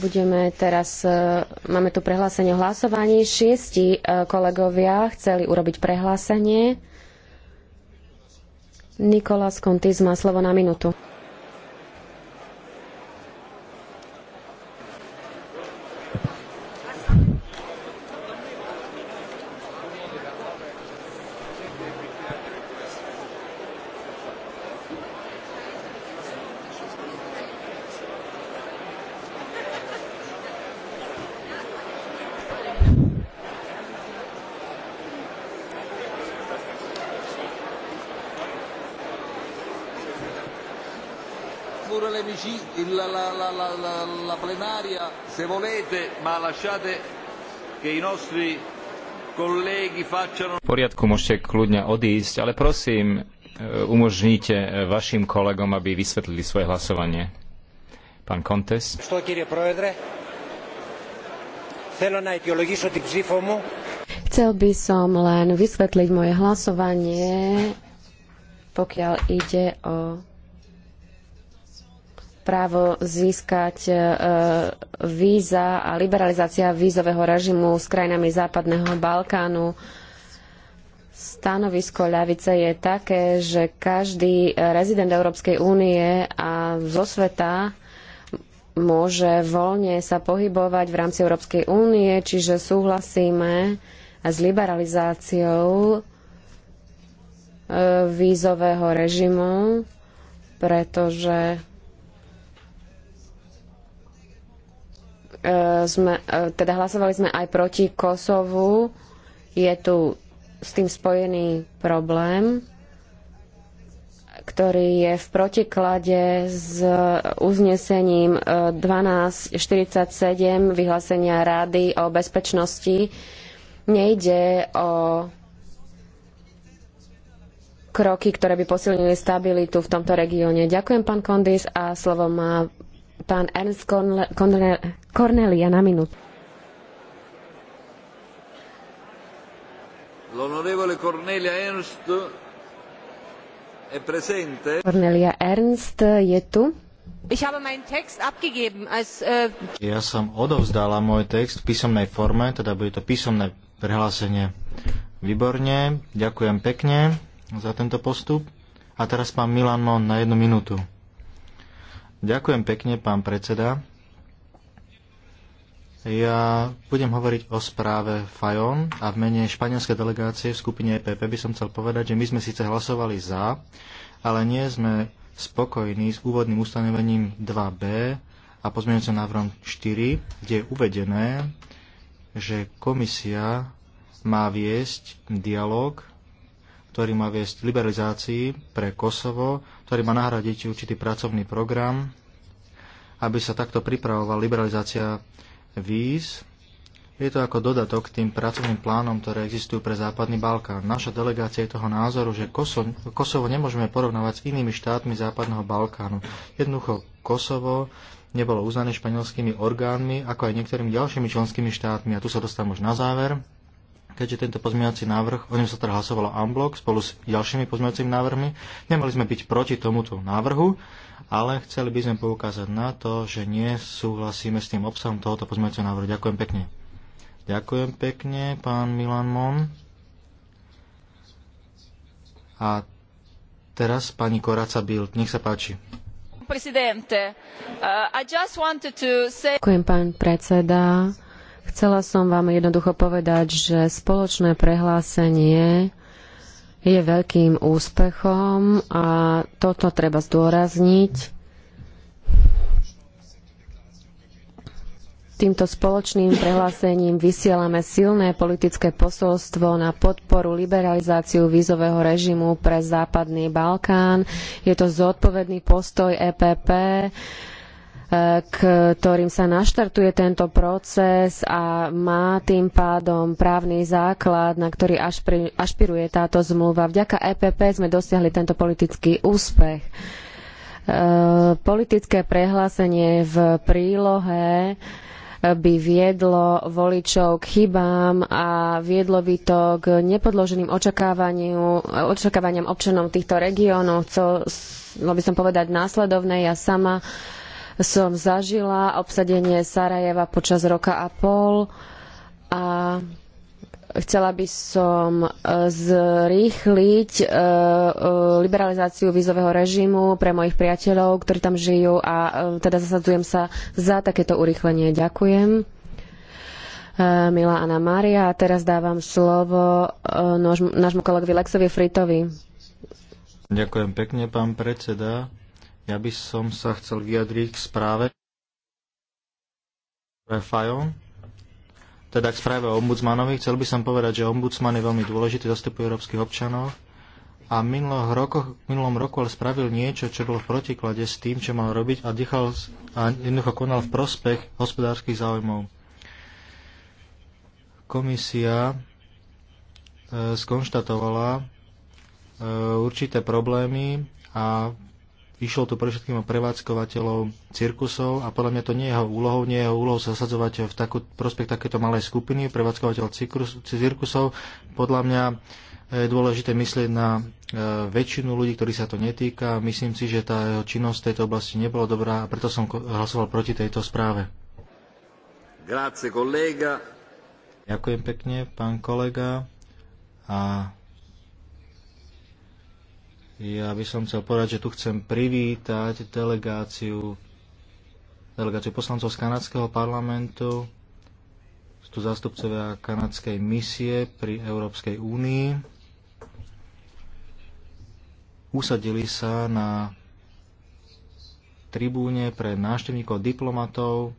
Budeme teraz, e, máme tu prehlásenie o hlasovaní. Šiesti e, kolegovia chceli urobiť prehlásenie. Nikolás Kontis má slovo na minútu. pure la, la, la, la plenaria se volete, ma lasciate che i nostri colleghi facciano... V poriadku môžete kľudne odísť, ale prosím, e, umožnite e, vašim kolegom, aby vysvetlili svoje hlasovanie. Pán Kontes. Chcel by som len vysvetliť moje hlasovanie, pokiaľ ide o právo získať e, víza a liberalizácia vízového režimu s krajinami Západného Balkánu. Stanovisko ľavice je také, že každý rezident Európskej únie a zo sveta môže voľne sa pohybovať v rámci Európskej únie, čiže súhlasíme s liberalizáciou e, vízového režimu, pretože E, sme, e, teda hlasovali sme aj proti Kosovu. Je tu s tým spojený problém, ktorý je v protiklade s uznesením 1247 e, vyhlásenia Rady o bezpečnosti. Nejde o kroky, ktoré by posilnili stabilitu v tomto regióne. Ďakujem, pán Kondis, a slovo má pán Ernst Cornelia na minútu. L'onorevole Cornelia Ernst è presente. Cornelia Ernst je tu. Äh, ja som odovzdala môj text v písomnej forme, teda bude to písomné prehlásenie. Výborne, ďakujem pekne za tento postup. A teraz pán Milan Mon na jednu minútu. Ďakujem pekne, pán predseda. Ja budem hovoriť o správe Fajon a v mene španielskej delegácie v skupine EPP by som chcel povedať, že my sme síce hlasovali za, ale nie sme spokojní s úvodným ustanovením 2b a pozmeňujúcim návrhom 4, kde je uvedené, že komisia má viesť dialog ktorý má viesť liberalizácii pre Kosovo, ktorý má nahradiť určitý pracovný program, aby sa takto pripravovala liberalizácia víz. Je to ako dodatok k tým pracovným plánom, ktoré existujú pre Západný Balkán. Naša delegácia je toho názoru, že Kosovo, Kosovo nemôžeme porovnávať s inými štátmi Západného Balkánu. Jednoducho Kosovo nebolo uznané španielskými orgánmi, ako aj niektorými ďalšími členskými štátmi. A tu sa dostávam už na záver keďže tento pozmeňovací návrh, o ňom sa teda hlasovalo unblock spolu s ďalšími pozmeňovacími návrhmi. Nemali sme byť proti tomuto návrhu, ale chceli by sme poukázať na to, že nesúhlasíme s tým obsahom tohoto pozmeňovacieho návrhu. Ďakujem pekne. Ďakujem pekne, pán Milan Mon. A teraz pani Koraca Bild. Nech sa páči. Uh, Ďakujem, pán predseda. Chcela som vám jednoducho povedať, že spoločné prehlásenie je veľkým úspechom a toto treba zdôrazniť. Týmto spoločným prehlásením vysielame silné politické posolstvo na podporu liberalizáciu vízového režimu pre Západný Balkán. Je to zodpovedný postoj EPP ktorým sa naštartuje tento proces a má tým pádom právny základ, na ktorý ašpiruje táto zmluva. Vďaka EPP sme dosiahli tento politický úspech. E, politické prehlásenie v prílohe by viedlo voličov k chybám a viedlo by to k nepodloženým očakávaniam občanov týchto regiónov. Chcelo by som povedať následovné. Ja sama som zažila obsadenie Sarajeva počas roka a pol a chcela by som e, zrýchliť e, e, liberalizáciu vízového režimu pre mojich priateľov, ktorí tam žijú a teda zasadzujem sa za takéto urýchlenie. Ďakujem. Milá Anna Mária, a teraz dávam slovo nášmu kolegovi Lexovi Fritovi. Ďakujem pekne, pán predseda. Ja by som sa chcel vyjadriť k správe Fajon, teda k správe o ombudsmanovi. Chcel by som povedať, že ombudsman je veľmi dôležitý, zastupuje európskych občanov a v minulom roku, minulom roku ale spravil niečo, čo bolo v protiklade s tým, čo mal robiť a, dýchal, a jednoducho konal v prospech hospodárskych záujmov. Komisia e, skonštatovala e, určité problémy a Išlo tu pre všetkým prevádzkovateľov cirkusov a podľa mňa to nie je jeho úlohou, nie je jeho úlohou zasadzovať v takú, prospekt takéto malej skupiny, prevádzkovateľ cirkus, cirkusov. Podľa mňa e, je dôležité myslieť na e, väčšinu ľudí, ktorí sa to netýka. Myslím si, že tá jeho činnosť v tejto oblasti nebola dobrá a preto som hlasoval proti tejto správe. Grazie, kolega. Ďakujem pekne, pán kolega. A ja by som chcel povedať, že tu chcem privítať delegáciu, delegáciu poslancov z kanadského parlamentu. Sú tu zástupcovia kanadskej misie pri Európskej únii. Usadili sa na tribúne pre návštevníkov diplomatov